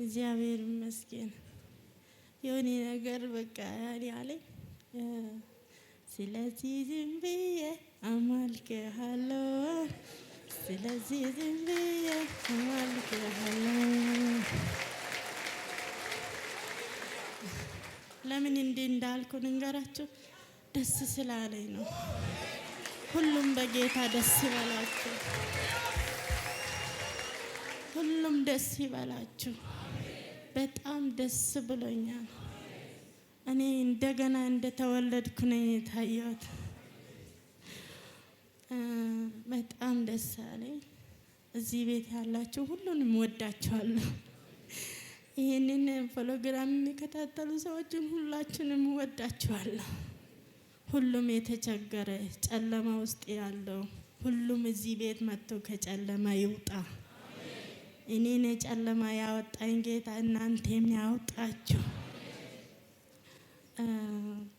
እግዚአብሔር ይመስገን። የሆነ ነገር በቃ ያን ያለኝ። ስለዚህ ዝም ብዬ አመልክሃለሁ፣ ስለዚህ ዝም ብዬ አመልክሃለሁ። ለምን እንዲህ እንዳልኩ ንገራችሁ፣ ደስ ስላለኝ ነው። ሁሉም በጌታ ደስ ይበላችሁ። ሁሉም ደስ ይበላችሁ። በጣም ደስ ብሎኛል። እኔ እንደገና እንደተወለድኩ ነኝ የታየሁት። በጣም ደስ አለኝ። እዚህ ቤት ያላችሁ ሁሉንም ወዳችኋለሁ። ይህንን ፕሮግራም የሚከታተሉ ሰዎችን ሁላችንም ወዳችኋለሁ። ሁሉም የተቸገረ ጨለማ ውስጥ ያለው ሁሉም እዚህ ቤት መጥቶ ከጨለማ ይውጣ። እኔን ጨለማ ያወጣኝ ጌታ እናንተም ያወጣችሁ።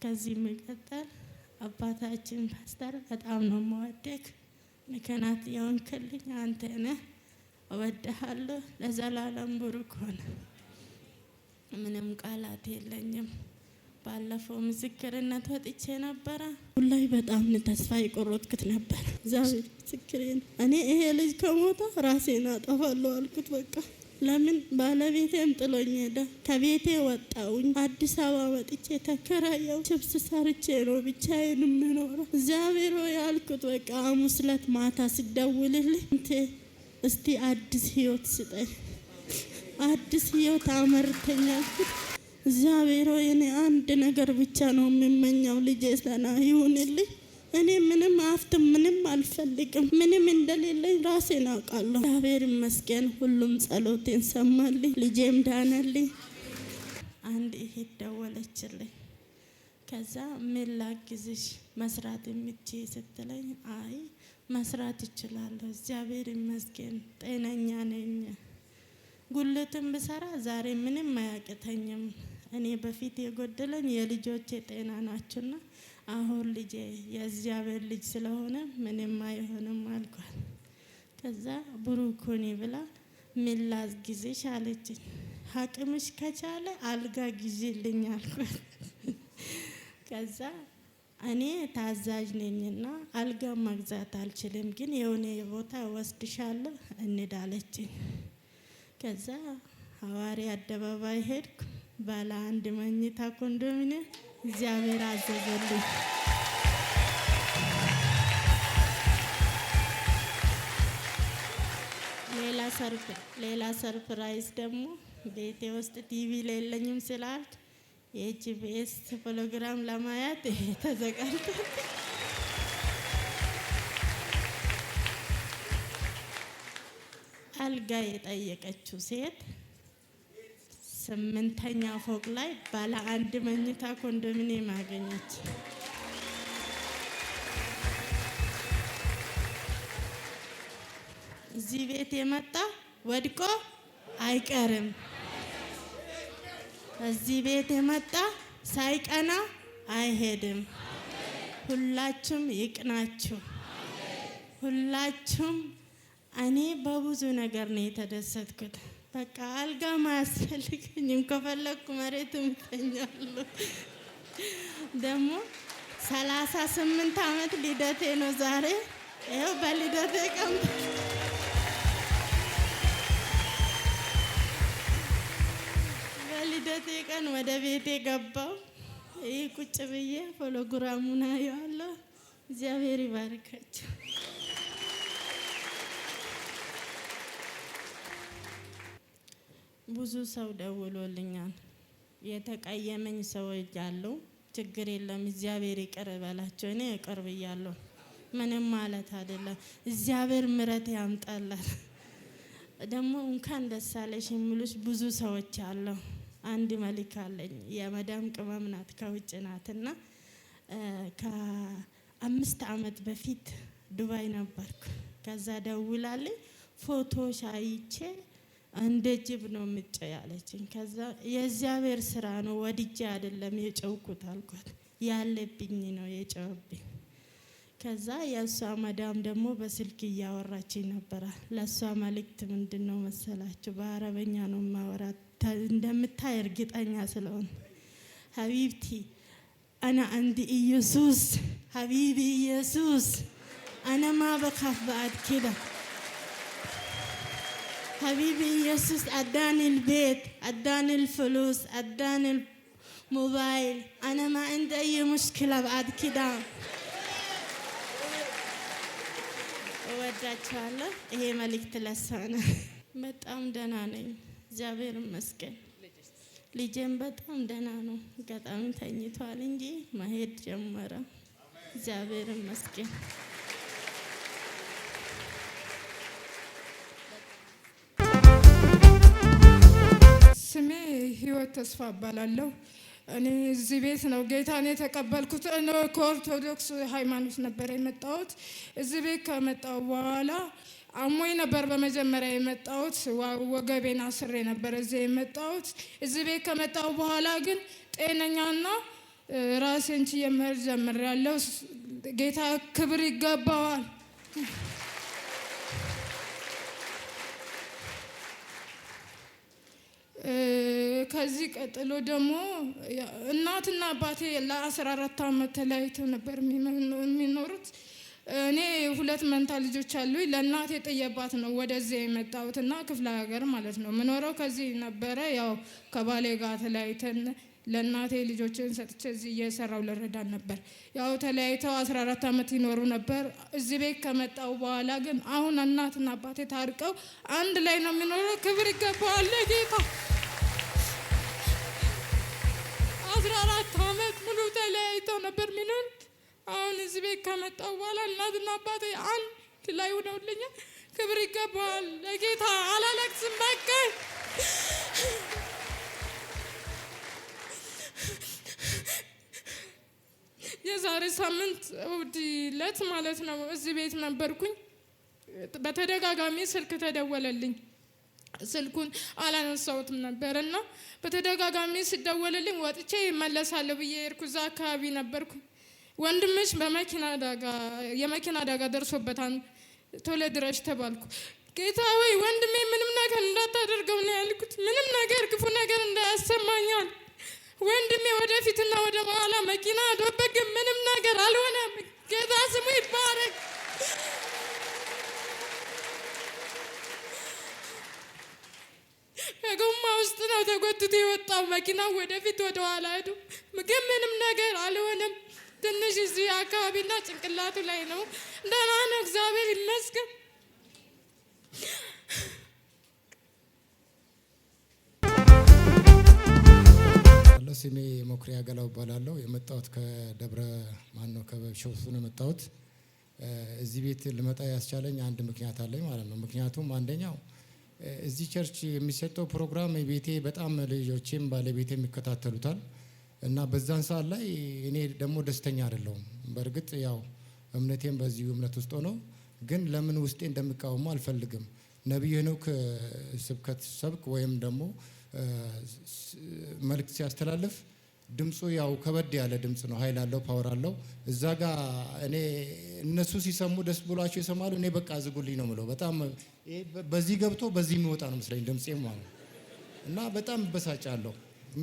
ከዚህ የሚቀጠል አባታችን ፓስተር በጣም ነው መወደግ ምክንያት የሆንክልኝ አንተ ነህ። እወድሃለሁ። ለዘላለም ብሩክ ሆነ። ምንም ቃላት የለኝም። ባለፈው ምስክርነት ወጥቼ ነበረ። ሁላይ በጣም ተስፋ የቆረጥኩት ነበር። እግዚአብሔር ምስክሬን እኔ ይሄ ልጅ ከሞተ ራሴን አጠፋለሁ አልኩት። በቃ ለምን ባለቤቴም ጥሎኝ ሄደ። ከቤቴ ወጣውኝ። አዲስ አበባ መጥቼ ተከራየው። ችብስ ሰርቼ ነው ብቻዬን የምኖረው። እግዚአብሔር ሆይ ያልኩት በቃ ሐሙስ ዕለት ማታ ስደውልልኝ እንቴ እስቲ አዲስ ህይወት ስጠኝ፣ አዲስ ህይወት አመርተኛል እግዚአብሔር እኔ አንድ ነገር ብቻ ነው የምመኘው፣ ልጄ ሰና ይሁንልኝ። እኔ ምንም ሀብት ምንም አልፈልግም፣ ምንም እንደሌለኝ ራሴን አውቃለሁ። እግዚአብሔር ይመስገን፣ ሁሉም ጸሎቴን ሰማልኝ፣ ልጄም ዳነልኝ። አንድ ይሄ ደወለችልኝ። ከዛ ምን ላግዝሽ መስራት የምትችይ ስትለኝ፣ አይ መስራት ይችላለሁ፣ እግዚአብሔር ይመስገን፣ ጤነኛ ነኝ ጉልትም ብሰራ ዛሬ ምንም አያቅተኝም። እኔ በፊት የጎደለኝ የልጆቼ ጤና ናቸውና አሁን ልጄ የእግዚአብሔር ልጅ ስለሆነ ምንም አይሆንም አልኳል። ከዛ ቡሩኮኒ ብላ ሚላዝ ጊዜሽ አለችኝ። ሀቅምሽ ከቻለ አልጋ ጊዜልኝ አልኳል። ከዛ እኔ ታዛዥ ነኝና አልጋ መግዛት አልችልም፣ ግን የሆነ ቦታ ወስድሻለሁ እንዳለችኝ። ከዛ ሀዋሪ አደባባይ ሄድኩ። ባለ አንድ መኝታ ኮንዶሚኒየም እግዚአብሔር አዘዘልኝ። ሌላ ሰርፕራይዝ ደግሞ ቤቴ ውስጥ ቲቪ ሌለኝም ስላልት የጂፒኤስ ፕሮግራም ለማየት ተዘጋጅቶ አልጋ የጠየቀችው ሴት ስምንተኛ ፎቅ ላይ ባለ አንድ መኝታ ኮንዶሚኒየም አገኘች። እዚህ ቤት የመጣ ወድቆ አይቀርም። እዚህ ቤት የመጣ ሳይቀና አይሄድም። ሁላችሁም ይቅናችሁ። ሁላችሁም እኔ በብዙ ነገር ነው የተደሰትኩት። በቃ አልጋም አያስፈልገኝም። ከፈለግኩ መሬትም እተኛለሁ። ደግሞ ሰላሳ ስምንት ዓመት ልደቴ ነው ዛሬ። ይኸው በልደቴ ቀን በልደቴ ቀን ወደ ቤቴ ገባው። ይህ ቁጭ ብዬ ፎሎግራሙን አየዋለሁ። እግዚአብሔር ይባርካቸው። ብዙ ሰው ደውሎልኛል። የተቀየመኝ ሰዎች አሉ። ችግር የለም እግዚአብሔር ይቅር በላቸው። እኔ ይቅር እያለሁ ምንም ማለት አይደለም። እግዚአብሔር ምረት ያምጣላል። ደግሞ እንኳን ደስ አለሽ የሚሉሽ ብዙ ሰዎች አለሁ። አንድ መልክ አለኝ። የመዳም ቅመም ናት፣ ከውጭ ናት እና ከአምስት አመት በፊት ዱባይ ነበርኩ። ከዛ ደውላለኝ ፎቶሽ አይቼ እንደ ጅብ ነው ምጨ ያለችኝ። ከዛ የእግዚአብሔር ስራ ነው ወድጄ አይደለም የጨውኩት አልኳት። ያለብኝ ነው የጨውብኝ። ከዛ የእሷ መዳም ደግሞ በስልክ እያወራችኝ ነበረ። ለእሷ መልእክት ምንድን ነው መሰላችሁ? በአረበኛ ነው ማወራት እንደምታይ እርግጠኛ ስለሆን ሀቢብቲ አና አንድ ኢየሱስ ሀቢቢ ኢየሱስ አነማ በካፍ በአድ حبيبي يسوس اداني البيت اداني الفلوس اداني الموبايل انا ما عندي اي مشكله بعد كده እወዳቸዋለሁ። ይሄ መልእክት ለእሷ ነው። በጣም ደህና ነኝ፣ እግዚአብሔር ይመስገን። ልጄም በጣም ደህና ነው። ገጣሚ ተኝቷል እንጂ መሄድ ጀመረ። እግዚአብሔር ይመስገን። ስሜ ህይወት ተስፋ እባላለሁ። እኔ እዚህ ቤት ነው ጌታን የተቀበልኩት። ከኦርቶዶክስ ሃይማኖት ነበር የመጣሁት። እዚህ ቤት ከመጣሁ በኋላ አሞኝ ነበር በመጀመሪያ የመጣሁት። ወገቤን አስሬ ነበር እዚህ የመጣሁት። እዚህ ቤት ከመጣሁ በኋላ ግን ጤነኛና ራሴን ችዬ መሄድ ጀምሬያለሁ። ጌታ ክብር ይገባዋል። ከዚህ ቀጥሎ ደግሞ እናትና አባቴ ለአስራ አራት ዓመት ተለያይተው ነበር የሚኖሩት። እኔ ሁለት መንታ ልጆች አሉኝ። ለእናቴ ጥየባት ነው ወደዚያ የመጣሁት እና ክፍለ ሀገር ማለት ነው ምኖረው ከዚህ ነበረ። ያው ከባሌ ጋር ተለያይተን ለእናቴ ልጆችን ሰጥቼ እዚህ እየሰራው ልረዳን ነበር። ያው ተለያይተው 14 ዓመት ይኖሩ ነበር። እዚህ ቤት ከመጣው በኋላ ግን አሁን እናትና አባቴ ታርቀው አንድ ላይ ነው የሚኖረው። ክብር ይገባዋል ጌታ። 14 ዓመት ሙሉ ተለያይተው ነበር የሚኖሩት። አሁን እዚህ ቤት ከመጣው በኋላ እናትና አባቴ አንድ ላይ ሆነውልኛል። ክብር ይገባዋል ለጌታ። አላለቅስም በቃ የዛሬ ሳምንት እሑድ ዕለት ማለት ነው እዚህ ቤት ነበርኩኝ። በተደጋጋሚ ስልክ ተደወለልኝ። ስልኩን አላነሳሁትም ነበር እና በተደጋጋሚ ሲደወልልኝ ወጥቼ ይመለሳለሁ ብዬ ሄድኩ። እዛ አካባቢ ነበርኩ። ወንድምሽ በመኪና አደጋ የመኪና አደጋ ደርሶበታል ቶሎ ድረሽ ተባልኩ። ጌታ ወይ ወንድሜ ምንም ነገር እንዳታደርገው ነው ያልኩት። ምንም ነገር ክፉ ነገር እንዳያሰማኛል ወንድሜ ወደፊትና ወደ በኋላ መኪና አዶበግም ምንም ነገር አልሆነም። ጌታ ስሙ ይባረክ። ከጎማ ውስጥ ነው ተጎትቶ የወጣው። መኪናው ወደፊት ኋላ ሄዱ፣ ግን ምንም ነገር አልሆነም። ትንሽ እዚህ አካባቢና ጭንቅላቱ ላይ ነው። ደህና ነው፣ እግዚአብሔር ይመስገን። ስሜ መኩሪያ ገላው እባላለሁ። የመጣሁት ከደብረ ማነው ከበብሸቱ ነው የመጣሁት። እዚህ ቤት ልመጣ ያስቻለኝ አንድ ምክንያት አለኝ ማለት ነው። ምክንያቱም አንደኛው እዚህ ቸርች የሚሰጠው ፕሮግራም ቤቴ በጣም ልጆቼም ባለቤቴ የሚከታተሉታል እና በዛን ሰዓት ላይ እኔ ደግሞ ደስተኛ አይደለሁም። በእርግጥ ያው እምነቴም በዚሁ እምነት ውስጥ ሆኖ ግን ለምን ውስጤ እንደሚቃወሙ አልፈልግም። ነቢዩ ሄኖክ ስብከት ሰብክ ወይም ደግሞ መልእክት ሲያስተላልፍ ድምፁ ያው ከበድ ያለ ድምፅ ነው። ኃይል አለው፣ ፓወር አለው። እዛ ጋ እኔ እነሱ ሲሰሙ ደስ ብሏቸው ይሰማሉ። እኔ በቃ ዝጉልኝ ነው ምለው። በጣም በዚህ ገብቶ በዚህ የሚወጣ ነው መስለኝ ድምፅ ማለት እና በጣም እበሳጫለሁ።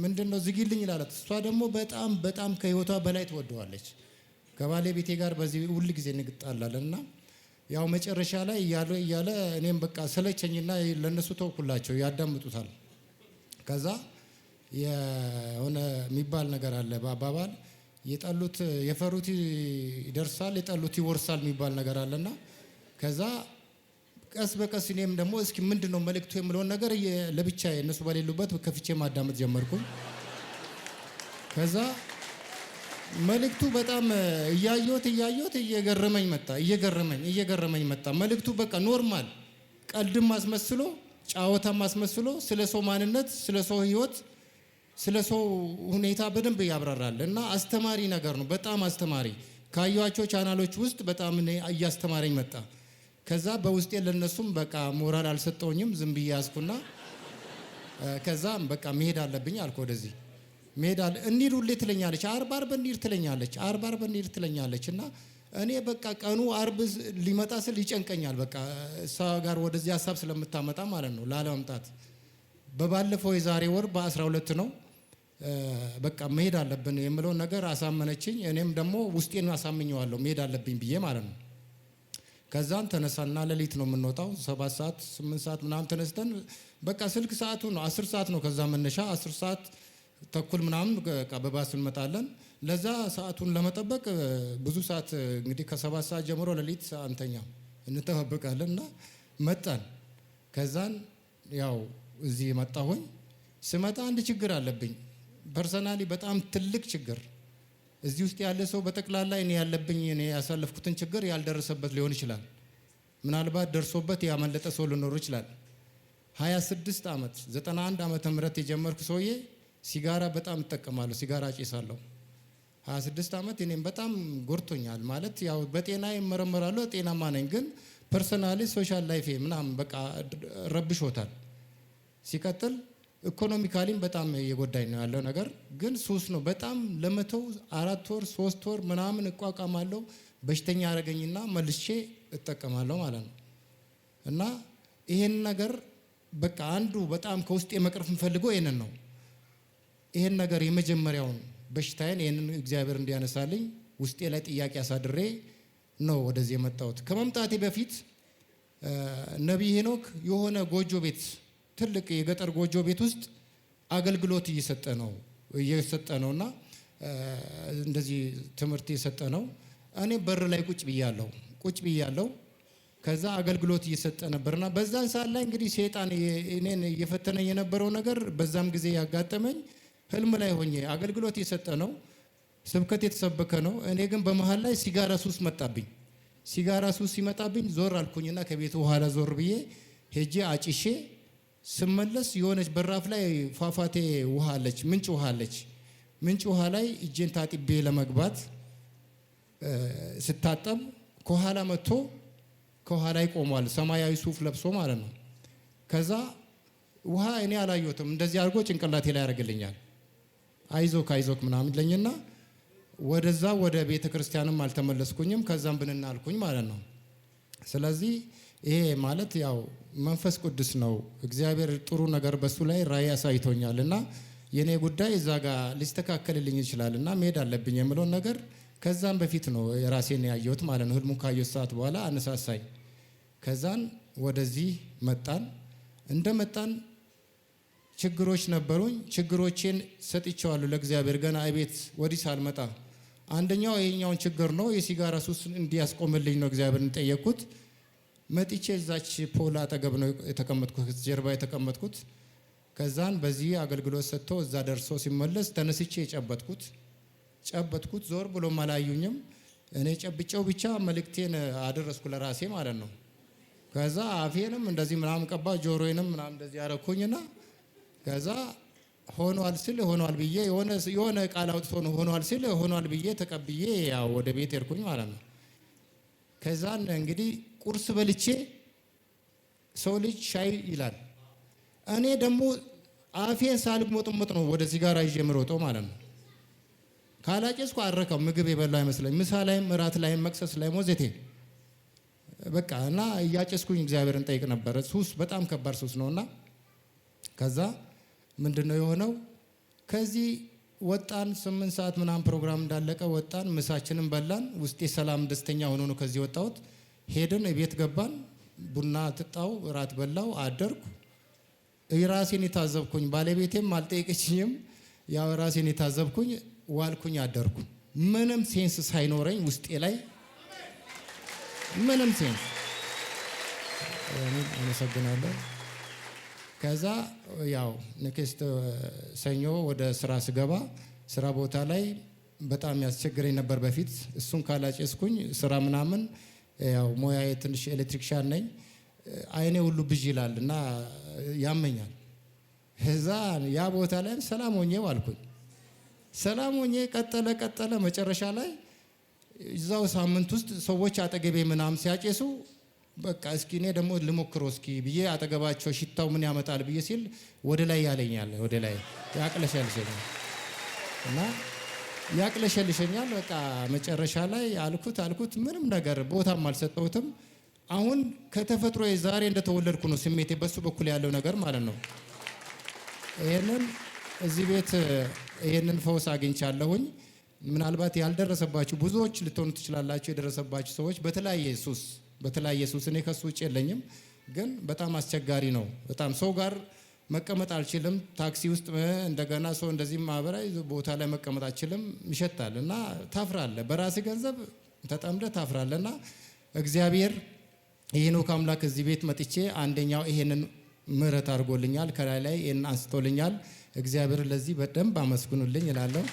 ምንድን ነው ዝጊልኝ ላለት። እሷ ደግሞ በጣም በጣም ከህይወቷ በላይ ትወደዋለች። ከባለቤቴ ጋር በዚህ ሁል ጊዜ እንግጣላለን እና ያው መጨረሻ ላይ እያለ እያለ እኔም በቃ ሰለቸኝና ለእነሱ ተውኩላቸው፣ ያዳምጡታል ከዛ የሆነ የሚባል ነገር አለ በአባባል የጠሉት የፈሩት ይደርሳል የጠሉት ይወርሳል የሚባል ነገር አለና ከዛ ቀስ በቀስ እኔም ደግሞ እስኪ ምንድን ነው መልእክቱ የምለውን ነገር ለብቻ እነሱ በሌሉበት ከፍቼ ማዳመጥ ጀመርኩኝ። ከዛ መልእክቱ በጣም እያየሁት እያየሁት እየገረመኝ መጣ እየገረመኝ እየገረመኝ መጣ መልእክቱ በቃ ኖርማል ቀልድም አስመስሎ ጫወታም አስመስሎ ስለ ሰው ማንነት፣ ስለ ሰው ህይወት፣ ስለ ሰው ሁኔታ በደንብ ያብራራል እና አስተማሪ ነገር ነው። በጣም አስተማሪ ካየኋቸው ቻናሎች ውስጥ በጣም እያስተማረኝ መጣ። ከዛ በውስጤ ለነሱም በቃ ሞራል አልሰጠውኝም። ዝም ብዬ ያዝኩና ከዛ በቃ መሄድ አለብኝ አልኩ። ወደዚህ መሄድ አለ እንሂድ ሁሌ ትለኛለች። አርብ አርብ እንሂድ ትለኛለች። አርብ አርብ እንሂድ ትለኛለች እና እኔ በቃ ቀኑ አርብ ሊመጣ ስል ይጨንቀኛል። በቃ እሷ ጋር ወደዚህ ሀሳብ ስለምታመጣ ማለት ነው ላለመምጣት። በባለፈው የዛሬ ወር በ12 ነው በቃ መሄድ አለብን የምለውን ነገር አሳመነችኝ። እኔም ደግሞ ውስጤን አሳምኘዋለሁ መሄድ አለብኝ ብዬ ማለት ነው። ከዛን ተነሳና ሌሊት ነው የምንወጣው። ሰባት ሰዓት ስምንት ሰዓት ምናምን ተነስተን በቃ ስልክ ሰዓቱ ነው አስር ሰዓት ነው ከዛ መነሻ አስር ሰዓት ተኩል ምናምን በባስ እንመጣለን። ለዛ ሰዓቱን ለመጠበቅ ብዙ ሰዓት እንግዲህ ከሰባት ሰዓት ጀምሮ ሌሊት አንተኛ እንጠባበቃለን እና መጣን። ከዛን ያው እዚህ መጣሁኝ። ስመጣ አንድ ችግር አለብኝ ፐርሰናሊ፣ በጣም ትልቅ ችግር። እዚህ ውስጥ ያለ ሰው በጠቅላላ እኔ ያለብኝ እኔ ያሳለፍኩትን ችግር ያልደረሰበት ሊሆን ይችላል። ምናልባት ደርሶበት ያመለጠ ሰው ሊኖር ይችላል። 26 ዓመት 91 ዓመተ ምህረት የጀመርኩ ሰውዬ ሲጋራ በጣም እጠቀማለሁ። ሲጋራ ጭሳለሁ። 26 ዓመት እኔም በጣም ጎርቶኛል። ማለት ያው በጤና ይመረመራለሁ፣ ጤናማ ነኝ። ግን ፐርሰናሊ ሶሻል ላይፌ ምናምን በቃ ረብሾታል። ሲቀጥል ኢኮኖሚካሊም በጣም እየጎዳኝ ነው ያለው ነገር። ግን ሱስ ነው በጣም ለመተው አራት ወር ሶስት ወር ምናምን እቋቋማለሁ። በሽተኛ አረገኝና መልሼ እጠቀማለሁ ማለት ነው። እና ይሄን ነገር በቃ አንዱ በጣም ከውስጥ የመቅረፍ የምፈልገው ይህንን ነው። ይህን ነገር የመጀመሪያውን በሽታዬን ይህንን እግዚአብሔር እንዲያነሳልኝ ውስጤ ላይ ጥያቄ አሳድሬ ነው ወደዚህ የመጣሁት። ከመምጣቴ በፊት ነቢይ ሄኖክ የሆነ ጎጆ ቤት ትልቅ የገጠር ጎጆ ቤት ውስጥ አገልግሎት እየሰጠ ነው እየሰጠ ነው እና እንደዚህ ትምህርት እየሰጠ ነው። እኔ በር ላይ ቁጭ ብያለሁ ቁጭ ብያለሁ። ከዛ አገልግሎት እየሰጠ ነበርና በዛን ሰዓት ላይ እንግዲህ ሴጣን እኔን እየፈተነኝ የነበረው ነገር በዛም ጊዜ ያጋጠመኝ ህልም ላይ ሆኜ አገልግሎት የሰጠ ነው፣ ስብከት የተሰበከ ነው። እኔ ግን በመሀል ላይ ሲጋራ ሱስ መጣብኝ። ሲጋራ ሱስ ሲመጣብኝ ዞር አልኩኝና ከቤቱ በኋላ ዞር ብዬ ሄጄ አጭሼ ስመለስ የሆነች በራፍ ላይ ፏፏቴ ውሃ አለች፣ ምንጭ ውሃ አለች። ምንጭ ውሃ ላይ እጄን ታጥቤ ለመግባት ስታጠብ ከኋላ መጥቶ ከኋላ ይቆሟል። ሰማያዊ ሱፍ ለብሶ ማለት ነው። ከዛ ውሃ እኔ አላየሁትም፣ እንደዚህ አድርጎ ጭንቅላቴ ላይ ያደርግልኛል። አይዞክ አይዞክ ምናምን ለኝና ወደዛ ወደ ቤተ ክርስቲያንም አልተመለስኩኝም። ከዛም ብንናልኩኝ ማለት ነው። ስለዚህ ይሄ ማለት ያው መንፈስ ቅዱስ ነው። እግዚአብሔር ጥሩ ነገር በሱ ላይ ራእይ አሳይቶኛል እና የእኔ ጉዳይ እዛ ጋር ሊስተካከልልኝ ይችላል እና መሄድ አለብኝ የምለውን ነገር ከዛም በፊት ነው የራሴን ያየሁት ማለት ነው። ህልሙ ካየሁት ሰዓት በኋላ አነሳሳይ። ከዛን ወደዚህ መጣን እንደመጣን ችግሮች ነበሩኝ። ችግሮቼን ሰጥቼዋለሁ ለእግዚአብሔር ገና እቤት ወዲህ ሳልመጣ። አንደኛው ይሄኛውን ችግር ነው፣ የሲጋራ ሱስ እንዲያስቆምልኝ ነው እግዚአብሔርን ጠየቅኩት። መጥቼ እዛች ፖል አጠገብ ነው የተቀመጥኩት፣ ጀርባ የተቀመጥኩት። ከዛን በዚህ አገልግሎት ሰጥቶ እዛ ደርሶ ሲመለስ ተነስቼ የጨበጥኩት ጨበጥኩት። ዞር ብሎም አላዩኝም። እኔ ጨብጨው ብቻ መልእክቴን አደረስኩ ለራሴ ማለት ነው። ከዛ አፌንም እንደዚህ ምናምን ቀባ ጆሮዬንም ምናምን እንደዚህ ያረኩኝና ከዛ ሆኗል ስል ሆኗል ብዬ የሆነ ቃል አውጥቶ ነው ሆኗል ስል ሆኗል ብዬ ተቀብዬ ያው ወደ ቤት ሄድኩኝ ማለት ነው። ከዛን እንግዲህ ቁርስ በልቼ ሰው ልጅ ሻይ ይላል። እኔ ደግሞ አፌን ሳልሞጥሞጥ ነው ወደ ሲጋራ ይዤ የምሮጠው ማለት ነው። ካላጨስኩ አረከው ምግብ የበላው አይመስለኝ። ምሳ ላይም እራት ላይም መቅሰስ ላይ ሞዘቴ በቃ እና እያጨስኩኝ እግዚአብሔርን ጠይቅ ነበረ። ሱስ በጣም ከባድ ሱስ ነው እና ከዛ ምንድነው የሆነው? ከዚህ ወጣን። ስምንት ሰዓት ምናምን ፕሮግራም እንዳለቀ ወጣን፣ ምሳችንን በላን። ውስጤ ሰላም ደስተኛ ሆኖ ነው ከዚህ ወጣሁት። ሄድን፣ ቤት ገባን፣ ቡና ትጣው፣ እራት በላው፣ አደርኩ። ራሴን የታዘብኩኝ ባለቤቴም አልጠየቀችኝም። ያው ራሴን የታዘብኩኝ ዋልኩኝ፣ አደርኩ። ምንም ሴንስ ሳይኖረኝ ውስጤ ላይ ምንም ሴንስ። አመሰግናለሁ። ከዛ ያው ንክስት ሰኞ ወደ ስራ ስገባ ስራ ቦታ ላይ በጣም ያስቸግረኝ ነበር በፊት። እሱን ካላጨስኩኝ ስራ ምናምን ያው ሞያዬ ትንሽ ሻን ነኝ፣ አይኔ ሁሉ ብዥ ይላል እና ያመኛል። እዛ ያ ቦታ ላይም ሰላም ሆኜ ዋልኩኝ። ሰላም ሆኜ ቀጠለ ቀጠለ። መጨረሻ ላይ እዛው ሳምንት ውስጥ ሰዎች አጠገቤ ምናምን ሲያጨሱ በቃ እስኪ እኔ ደግሞ ልሞክሮ እስኪ ብዬ አጠገባቸው ሽታው ምን ያመጣል ብዬ ሲል ወደ ላይ ያለኛል፣ ወደ ላይ ያቅለሸልሸኛል እና ያቅለሸልሸኛል። በቃ መጨረሻ ላይ አልኩት አልኩት ምንም ነገር ቦታም አልሰጠሁትም። አሁን ከተፈጥሮ ዛሬ እንደተወለድኩ ነው ስሜቴ፣ በሱ በኩል ያለው ነገር ማለት ነው። ይህንን እዚህ ቤት ይህንን ፈውስ አግኝቻለሁኝ። ምናልባት ያልደረሰባችሁ ብዙዎች ልትሆኑ ትችላላችሁ። የደረሰባችሁ ሰዎች በተለያየ ሱስ በተለያየ ሱስ እኔ ከሱ ውጭ የለኝም። ግን በጣም አስቸጋሪ ነው። በጣም ሰው ጋር መቀመጥ አልችልም። ታክሲ ውስጥ እንደገና ሰው እንደዚህ ማህበራዊ ቦታ ላይ መቀመጥ አልችልም። ይሸታል እና ታፍራለ። በራሴ ገንዘብ ተጠምደ ታፍራለ። እና እግዚአብሔር የሄኖክ አምላክ እዚህ ቤት መጥቼ አንደኛው ይሄንን ምህረት አድርጎልኛል። ከላይ ላይ ይህን አንስቶልኛል። እግዚአብሔር ለዚህ በደንብ አመስግኑልኝ እላለሁ።